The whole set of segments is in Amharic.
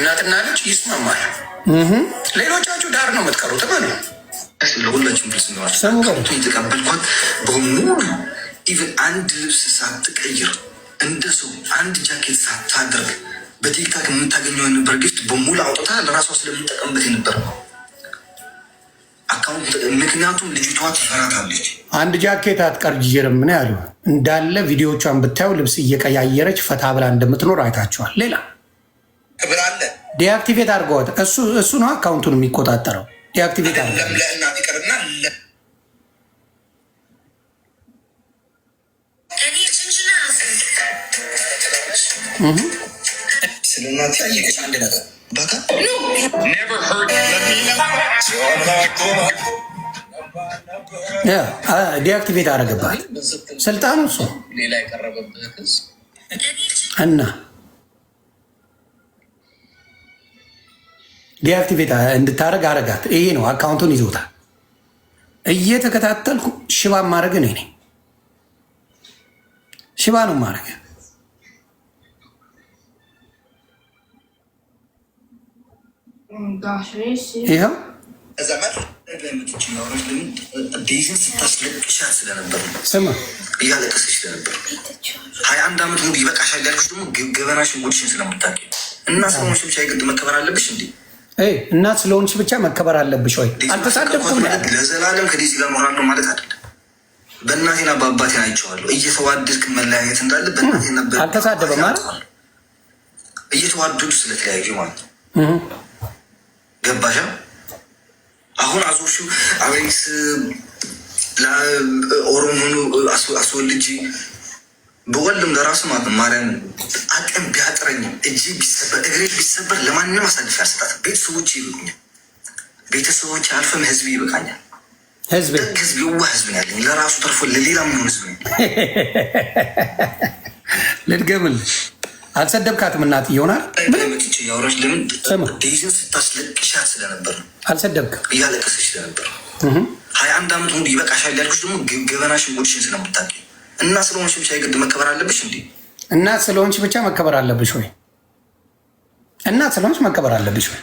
እናትና ልጅ ይስማማል። ሌሎቻችሁ ዳር ነው የምትቀሩ። ማለት ነው። ለሁላችሁም የተቀበልኳት በሙሉ ኢቨን አንድ ልብስ ሳትቀይር እንደ ሰው አንድ ጃኬት ሳታደርግ በቲክታክ የምታገኘው የነበር ጊፍት በሙሉ አውጥታ ለራሷ ስለምንጠቀምበት የነበር ነው ምክንያቱም ልጅቷ ትፈራታለች። አንድ ጃኬት አትቀይርም ምን ያሉ። እንዳለ ቪዲዮቿን ብታዩ ልብስ እየቀያየረች ፈታ ብላ እንደምትኖር አይታችኋል። ሌላ ዲአክቲቬት አድርገዋት። እሱ እሱ ነው አካውንቱን የሚቆጣጠረው። ዲአክቲቬት ለእናት ይቀርና ዲአክቲቬት አደረገባት። ስልጣኑ እሱ እና ዲአክቲቬት እንድታደረግ አረጋት። ይሄ ነው አካውንቱን ይዞታል። እየተከታተልኩ ሽባ ማድረግ ነው። እኔ ሽባ ነው ማድረግ ይኸው ስማ እያለቀሰች ስለነበር ሀያ አንድ አመት ሙሉ ይበቃሻል ያልኩሽ ደግሞ ገበናሽን ጉድሽን ስለምታውቂ እና ስለሆነሽ ብቻ የግድ መከበር አለብሽ እንዴ? እናት ስለሆንች ብቻ መከበር አለብሽ ወይ? አልተሳደብኩም። ለዘላለም ከዲዚ ጋር መሆን ማለት አይደለም። በእናቴና በአባቴ አይቼዋለሁ። እየተዋደድክ መለያየት እንዳለ በእናቴና አልተሳደበም ማለት እየተዋደዱ ስለተለያዩ ማለት ነው። ገባሻ? አሁን አዞሹ አቤክስ ኦሮሞኑ አስወልጅ በወልድም ለራሱ ማለት ነው ማርያም አቅም ቢያጥረኝም እጅ ቢሰበር እግሬ ቢሰበር ለማንም አሳልፍ ያልሰጣት ቤተሰቦች ይብቁኛል። ቤተሰቦች አልፈም ህዝብ ይበቃኛል። ህዝብ ህዝብ የዋ ህዝብ ያለኝ ለራሱ ተርፎ ለሌላ ምን ህዝብ ልድገምልህ። አልሰደብካትም እናት ይሆናል ምንምትች ያውራች ለምን ዴይዝን ስታስለቅሻት ስለነበር ነው። አልሰደብክም እያለቀሰች ስለነበር ነው። ሀያ አንድ አመት ሙሉ ይበቃሻል ያልኩሽ ደግሞ ገበናሽን ጉድሽን ስለምታውቂ እና ስለሆንሽ ብቻ የግድ መከበር አለብሽ እንዴ? እና ስለሆንሽ ብቻ መከበር አለብሽ ወይ? እና ስለሆንሽ መከበር አለብሽ ወይ?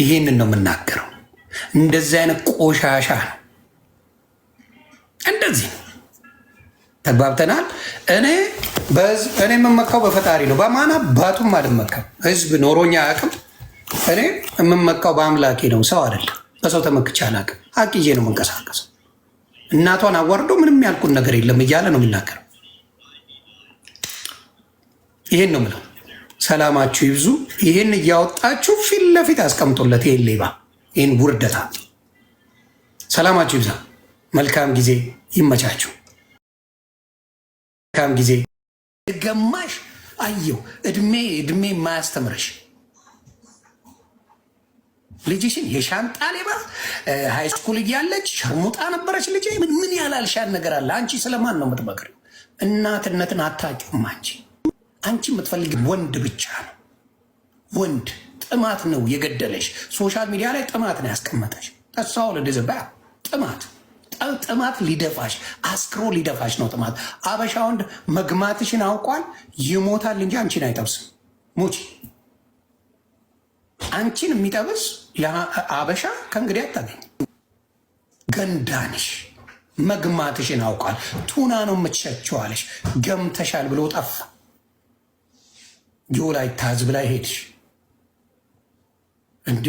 ይሄንን ነው የምናገረው። እንደዚህ አይነት ቆሻሻ ነው። እንደዚህ ነው። ተግባብተናል። እኔ እኔ የምመካው በፈጣሪ ነው። በማና ባቱም አልመካም። ህዝብ ኖሮኛ አቅም እኔ የምመካው በአምላኬ ነው፣ ሰው አይደለም። በሰው ተመክቼ አላውቅም። አቅዬ ነው የምንቀሳቀሰው። እናቷን አዋርዶ ምንም ያልኩን ነገር የለም እያለ ነው የሚናገረው። ይሄን ነው ምለው። ሰላማችሁ ይብዙ። ይህን እያወጣችሁ ፊት ለፊት ያስቀምጦለት ይህን ሌባ፣ ይህን ውርደታ። ሰላማችሁ ይብዛ። መልካም ጊዜ ይመቻችሁ። መልካም ጊዜ። ገማሽ አየሁ እድሜ እድሜ የማያስተምረሽ ልጅሽን የሻንጣ ሌባ ሃይስኩል እያለች ሸርሙጣ ነበረች። ልጅ ምን ያላልሻን ነገር አለ? አንቺ ስለማን ነው የምትመክር እናትነትን አታውቂውም አንቺ። አንቺ የምትፈልግ ወንድ ብቻ ነው ወንድ። ጥማት ነው የገደለሽ። ሶሻል ሚዲያ ላይ ጥማት ነው ያስቀመጠሽ። ጠሳው ለደዘባ ጥማት ጥማት ሊደፋሽ አስክሮ ሊደፋሽ ነው ጥማት። አበሻ ወንድ መግማትሽን አውቋል። ይሞታል እንጂ አንቺን አይጠብስም። ሙች አንቺን የሚጠብስ አበሻ ከእንግዲህ አታገኝ። ገንዳንሽ መግማትሽን አውቋል። ቱና ነው የምትሸችዋለሽ። ገምተሻል ብሎ ጠፋ። ጆላይ ታዝ ብላ ሄድሽ እንዴ?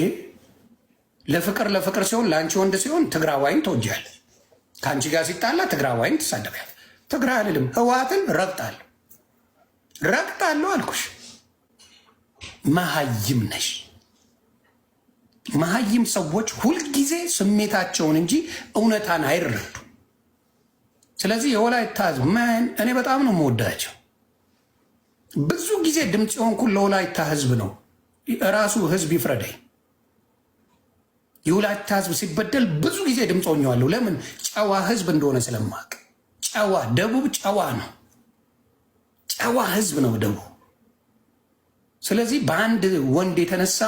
ለፍቅር ለፍቅር ሲሆን ለአንቺ ወንድ ሲሆን ትግራዋይን ትወጃለሽ። ከአንቺ ጋር ሲጣላ ትግራዋይን ትሳደቢያለሽ። ትግራ አልልም፣ ህወሓትን ረግጣለሁ ረግጣለሁ አልኩሽ። መሀይም ነሽ። መሀይም ሰዎች ሁልጊዜ ስሜታቸውን እንጂ እውነታን አይረዱ። ስለዚህ የወላይታ ሕዝብ ምን እኔ በጣም ነው የምወዳቸው። ብዙ ጊዜ ድምፅ የሆንኩ ለወላይታ ህዝብ ነው። ራሱ ህዝብ ይፍረደኝ። የወላይታ ህዝብ ሲበደል ብዙ ጊዜ ድምፅ ሆኜዋለሁ። ለምን ጨዋ ህዝብ እንደሆነ ስለማቅ። ጨዋ ደቡብ ጨዋ ነው። ጨዋ ህዝብ ነው ደቡብ። ስለዚህ በአንድ ወንድ የተነሳ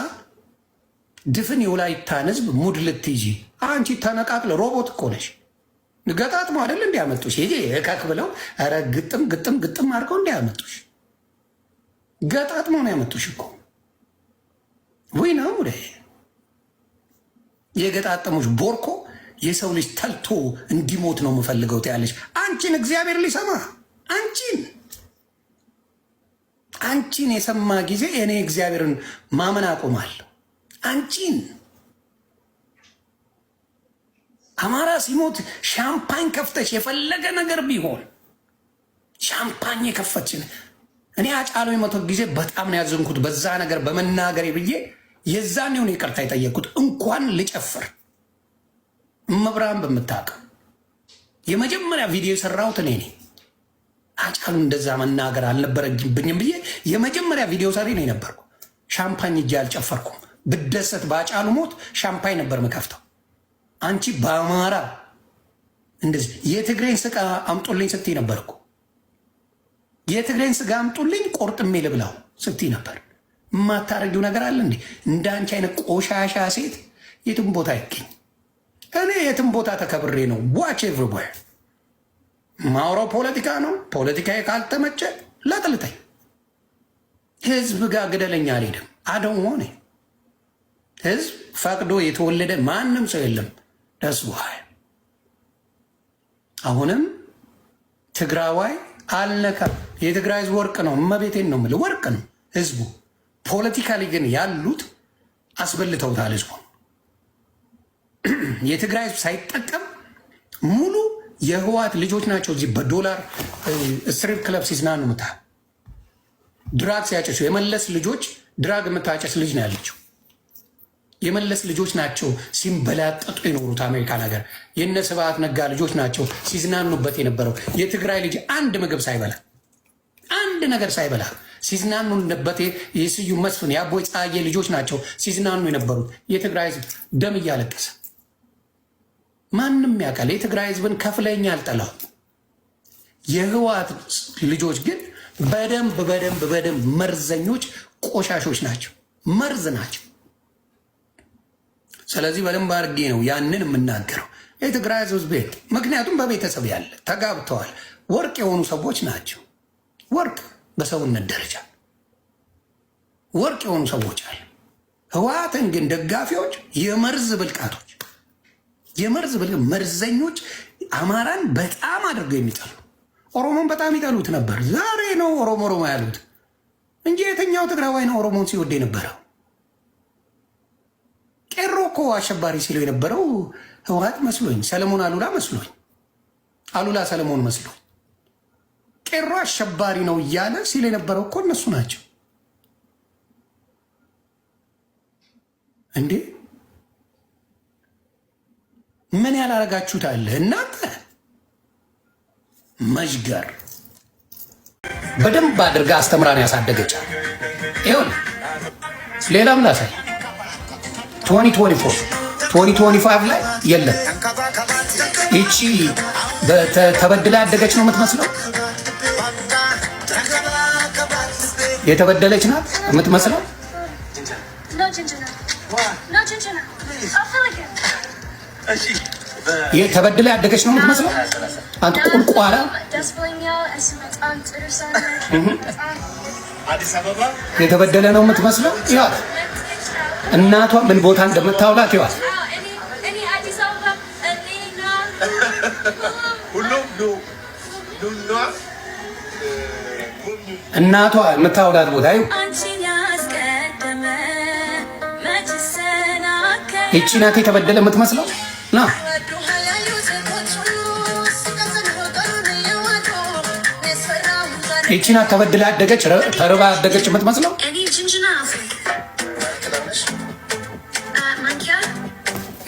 ድፍን የወላይታን ህዝብ ሙድ ልትይዢ አንቺ ተነቃቅለ ሮቦት እኮ ነሽ። ገጣጥሞ አይደል እንዲያመጡሽ እከክ ብለው ግጥም ግጥም ግጥም አድርገው እንዲያመጡሽ ገጣጥሞ ነው ያመጡሽ እኮ ወይ ነው ወደ የገጣጠሙሽ ቦርኮ የሰው ልጅ ተልቶ እንዲሞት ነው የምፈልገው ትያለሽ። አንቺን እግዚአብሔር ሊሰማ አንቺን አንቺን የሰማ ጊዜ እኔ እግዚአብሔርን ማመን አቁማል አንቺን አማራ ሲሞት ሻምፓኝ ከፍተች የፈለገ ነገር ቢሆን ሻምፓኝ የከፈችን እኔ አጫሎ መቶ ጊዜ በጣም ነው ያዘንኩት በዛ ነገር በመናገሬ ብዬ የዛን ሆን ይቅርታ የጠየቅኩት እንኳን ልጨፍር እመብርሃን በምታውቅ የመጀመሪያ ቪዲዮ የሰራሁት እኔ ነኝ። አጫሉ እንደዛ መናገር አልነበረብኝም ብዬ የመጀመሪያ ቪዲዮ ሰሪ ነው የነበርኩ። ሻምፓኝ እጄ አልጨፈርኩም። ብደሰት በአጫሉ ሞት ሻምፓኝ ነበር መከፍተው። አንቺ በአማራ እንደዚህ የትግሬን ስጋ አምጡልኝ ስትይ ነበር እኮ የትግሬን ስጋ አምጡልኝ ቆርጥሜ ልብላው ስትይ ነበር። የማታረጊው ነገር አለ እንዴ? እንደ አንቺ አይነት ቆሻሻ ሴት የትም ቦታ አይገኝ። እኔ የትም ቦታ ተከብሬ ነው። ዋች ኤቭሪዌር ማውራው ፖለቲካ ነው። ፖለቲካዬ ካልተመቸ ለጥልጠኝ ህዝብ ጋር ግደለኛ አልሄድም። አደን ሆኔ ህዝብ ፈቅዶ የተወለደ ማንም ሰው የለም። ደስ አሁንም ትግራዋይ አልነካም። የትግራይ ህዝብ ወርቅ ነው። እመቤቴን ነው የምልህ፣ ወርቅ ነው ህዝቡ። ፖለቲካሊ ግን ያሉት አስበልተውታል ህዝቡ የትግራይ ህዝብ ሳይጠቀም ሙሉ የህወሓት ልጆች ናቸው። እዚህ በዶላር ስትሪፕ ክለብ ሲዝናኑ ምታ ድራግ ሲያጨሱ የመለስ ልጆች ድራግ የምታጨስ ልጅ ነው ያለችው። የመለስ ልጆች ናቸው ሲንበላጠጡ የኖሩት አሜሪካን ሀገር። የነ ስብሐት ነጋ ልጆች ናቸው ሲዝናኑበት የነበረው። የትግራይ ልጅ አንድ ምግብ ሳይበላ አንድ ነገር ሳይበላ ሲዝናኑበት፣ የስዩም መስፍን የአቦይ ፀሐዬ ልጆች ናቸው ሲዝናኑ የነበሩት። የትግራይ ህዝብ ደም እያለቀሰ ማንም ያውቃል። የትግራይ ህዝብን ከፍለኛ አልጠላው። የህወሓት ልጆች ግን በደንብ በደንብ በደንብ መርዘኞች፣ ቆሻሾች ናቸው፣ መርዝ ናቸው። ስለዚህ በደንብ አድርጌ ነው ያንን የምናገረው የትግራይ ህዝብ ቤት ምክንያቱም በቤተሰብ ያለ ተጋብተዋል ወርቅ የሆኑ ሰዎች ናቸው። ወርቅ በሰውነት ደረጃ ወርቅ የሆኑ ሰዎች አሉ። ህወሓትን ግን ደጋፊዎች የመርዝ ብልቃቶች፣ የመርዝ መርዘኞች አማራን በጣም አድርገው የሚጠሉ ኦሮሞን በጣም ይጠሉት ነበር። ዛሬ ነው ኦሮሞ ኦሮሞ ያሉት እንጂ የትኛው ትግራዋይ ነው ኦሮሞን ሲወድ የነበረው? እኮ አሸባሪ ሲለው የነበረው ህወሀት መስሎኝ፣ ሰለሞን አሉላ መስሎኝ፣ አሉላ ሰለሞን መስሎኝ፣ ቄሮ አሸባሪ ነው እያለ ሲል የነበረው እኮ እነሱ ናቸው እንዴ! ምን ያላረጋችሁት አለ እናንተ መዥገር በደንብ አድርጋ አስተምራን ያሳደገቻል። ይሁን ምን አሳይ 2024 ላይ የለም። ይቺ ተበድላ ያደገች ነው የምትመስለው፣ የተበደለች ናት የምትመስለው። ተበድላ ያደገች ነው የምትመስለው። አንተ ቁልቋላ የተበደለ ነው የምትመስለው። ይኸዋት እናቷ ምን ቦታ እንደምታውላት ይዋል እናቷ የምታውላት ቦታ ይኸው ይቺ ናት የተበደለ የምትመስለው ና ይቺ ናት ተበድላ ያደገች ተርባ ያደገች የምትመስለው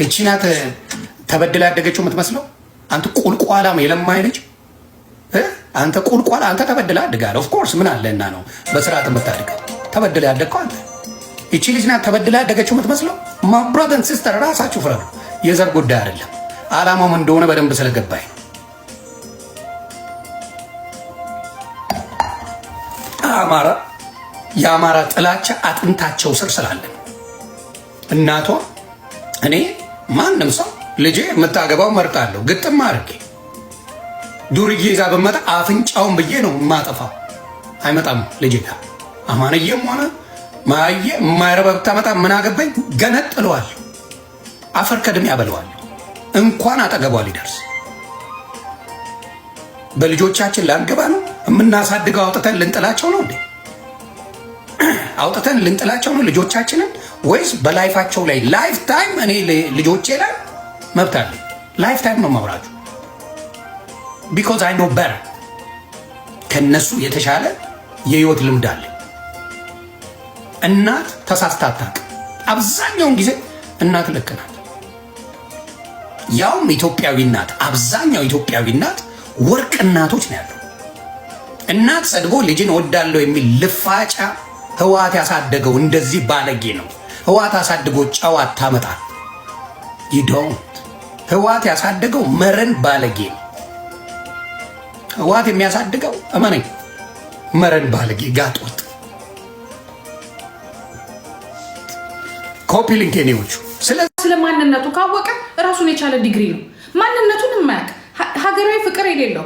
እቺ ናት ተበድላ ያደገችው የምትመስለው። አንተ ቁልቋላ የለማኝ ልጅ አንተ ቁልቋላ አንተ ተበድላ አድጋል። ኦፍኮርስ ምን አለ እና ነው በስርዓት የምታድገው። ተበድላ ያደግከው አንተ። እቺ ልጅ ናት ተበድላ ያደገችው የምትመስለው። ማብራተን ሲስተር ራሳችሁ ፍረዱ። የዘር ጉዳይ አይደለም። አላማውም እንደሆነ በደንብ ስለገባኝ አማራ የአማራ ጥላቻ አጥንታቸው ስር ስላለን እናቷ እኔ ማንም ሰው ልጄ የምታገባው መርጣለሁ ግጥም አድርጌ ዱርዬ ይዛ ብመጣ አፍንጫውን ብዬ ነው የማጠፋው። አይመጣም ልጄ ጋር አማንዬም ሆነ ማየ የማይረባ ብታመጣ ምን አገባኝ? አፈር ከድሜ ያበለዋል። እንኳን አጠገቧ ሊደርስ በልጆቻችን ላንገባ ነው የምናሳድገው። አውጥተን ልንጥላቸው ነው እንዴ? አውጥተን ልንጥላቸው ነው ልጆቻችንን ወይስ በላይፋቸው ላይ ላይፍ ታይም እኔ ልጆቼ ላይ መብት አለ። ላይፍ ታይም ነው ማውራችሁ። ቢኮዝ አይ ኖ በር ከነሱ የተሻለ የህይወት ልምድ አለ። እናት ተሳስታ አታውቅም። አብዛኛውን ጊዜ እናት ልክ ናት። ያውም ኢትዮጵያዊ እናት፣ አብዛኛው ኢትዮጵያዊ እናት ወርቅ እናቶች ነው ያለው። እናት ሰድቦ ልጅን ወዳለሁ የሚል ልፋጫ ህወሓት ያሳደገው እንደዚህ ባለጌ ነው። ህዋት አሳድጎ ጨዋታ ታመጣል። ይዶንት ህዋት ያሳደገው መረን ባለጌ ነው። ህዋት የሚያሳድገው እመነኝ መረን ባለጌ ጋጦት ኮፒ ሊንኬኔዎቹ ስለ ማንነቱ ካወቀ ራሱን የቻለ ዲግሪ ነው። ማንነቱን የማያውቅ ሀገራዊ ፍቅር የሌለው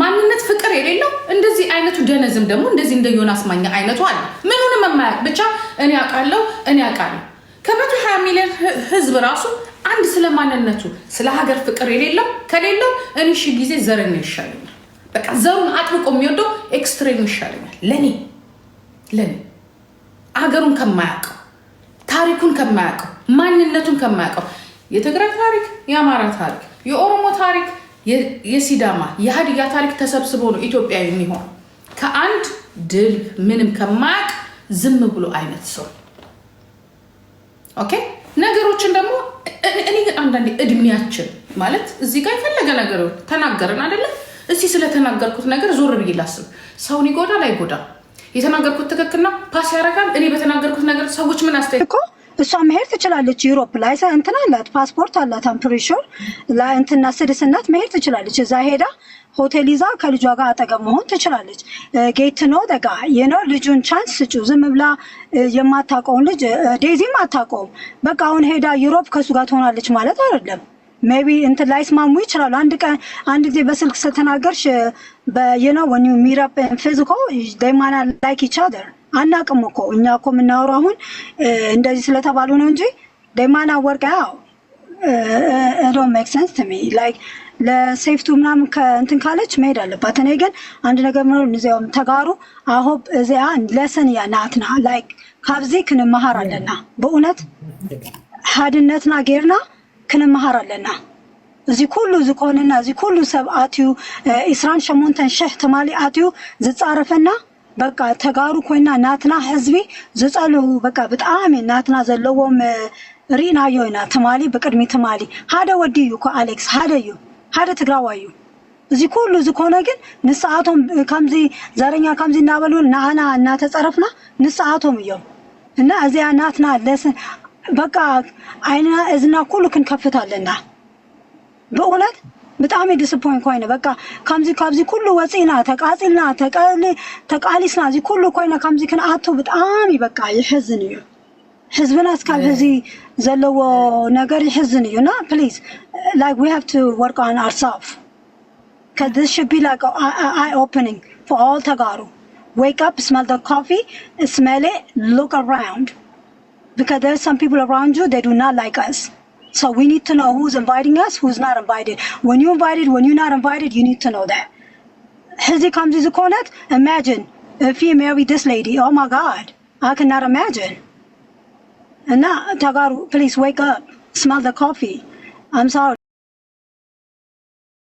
ማንነት ፍቅር የሌለው እንደዚህ አይነቱ ደነዝም ደግሞ እንደዚህ እንደ ዮናስ ማኛ አይነቱ አለ። ምኑንም መማያቅ ብቻ እኔ አውቃለሁ እኔ አውቃለሁ። ከመቶ ሀያ ሚሊዮን ህዝብ ራሱ አንድ ስለ ማንነቱ ስለ ሀገር ፍቅር የሌለው ከሌለው እኔ ሺ ጊዜ ዘረኛ ይሻለኛል። በቃ ዘሩን አጥብቆ የሚወደው ኤክስትሬም ይሻለኛል ለኔ ለኔ አገሩን ከማያውቀው ታሪኩን ከማያውቀው ማንነቱን ከማያውቀው የትግራይ ታሪክ፣ የአማራ ታሪክ፣ የኦሮሞ ታሪክ የሲዳማ የሀዲያ ታሪክ ተሰብስቦ ነው ኢትዮጵያ የሚሆን ከአንድ ድል ምንም ከማያቅ ዝም ብሎ አይነት ሰው ኦኬ። ነገሮችን ደግሞ እኔ ግን አንዳንዴ እድሜያችን ማለት እዚህ ጋር የፈለገ ነገር ተናገርን አይደለም። እስቲ ስለተናገርኩት ነገር ዞር ብዬ ላስብ። ሰውን ይጎዳል አይጎዳም? የተናገርኩት ትክክልና ፓስ ያደርጋል። እኔ በተናገርኩት ነገር ሰዎች ምን አስተያየት እሷ መሄድ ትችላለች። ዩሮፕ ላይ እንትን አላት፣ ፓስፖርት አላት። አምፕሪሹር ለእንትና ስድስናት መሄድ ትችላለች። እዛ ሄዳ ሆቴል ይዛ ከልጇ ጋር አጠገብ መሆን ትችላለች። ጌት ነው ደጋ የኖ ልጁን ቻንስ ስጩ። ዝም ብላ የማታውቀውን ልጅ ዴዚም አታውቀውም። በቃ አሁን ሄዳ ዩሮፕ ከእሱ ጋር ትሆናለች ማለት አይደለም። ሜቢ እንትን ላይስማሙ ይችላሉ። አንድ ቀን አንድ ጊዜ በስልክ ስትናገርሽ በየነው ወኒ ሚራፕ ፊዚኮ ላይክ ኢች አናቅም እኮ እኛ እኮ የምናወራው አሁን እንደዚህ ስለተባሉ ነው እንጂ ደማና ወርቅ ያው ዶ ሜክ ሰንስ ቱ ሚ ላይክ ለሴፍቱ ምናምን ከእንትን ካለች መሄድ አለባት። እኔ ግን አንድ ነገር ምኖር እዚያውም ተጋሩ አሆብ እዚያ ለሰን ያ ናትና ላይክ ካብዚ ክንመሃር አለና በእውነት ሀድነትና ጌርና ክንመሃር አለና እዚ ኩሉ ዝኮነና እዚ ኩሉ ሰብ ኣትዩ 28 ሽሕ ትማሊ ኣትዩ ዝፃረፈና በቃ ተጋሩ ኮይና ናትና ህዝቢ ዝፀልው በቃ ብጣዕሚ ናትና ዘለዎም ሪናዮ ኢና ትማሊ ብቅድሚ ትማሊ ሓደ ወዲ እዩ ኮ ኣሌክስ ሓደ እዩ ሓደ ትግራዋይ እዩ እዚ ኩሉ ዝኮነ ግን ንስኣቶም ከምዚ ዘረኛ ከምዚ እናበሉ ንዓና እናተፀረፍና ንስኣቶም እዮም እና እዚኣ ናትና ለስ በቃ ዓይንና እዝና ኩሉ ክንከፍት ኣለና ብእውነት ብጣዕሚ ዲስፖይንት ኮይነ በቃ ከምዚ ካብዚ ኩሉ ወፂና ተቃፂልና ተቃሊስና እዚ ኩሉ ኮይነ ከምዚ ክንኣቱ ብጣዕሚ በቃ ይሕዝን እዩ ህዝብና እስካብ ሕዚ ዘለዎ ነገር ይሕዝን እዩ እና ፕሊዝ ላይክ ዊ ሃቭ ቱ ወርክ ኦን ኣርሰልፍ ከዚስ ሽድ ቢ ላይክ ኣይ ኦፕኒንግ ፎር ኦል ተጋሩ ዌክ ኣፕ ስሜል ደ ኮፊ ስሜል ሉክ ኣራውንድ because there are some people around you they do not like us so we need to know who's inviting us, who's not invited. When you're invited, when you're not invited, you need to know that. Hizzy comes to Cornet. Imagine if he married this lady. Oh my God. I cannot imagine. And now, Tagaru, please wake up. Smell the coffee. I'm sorry.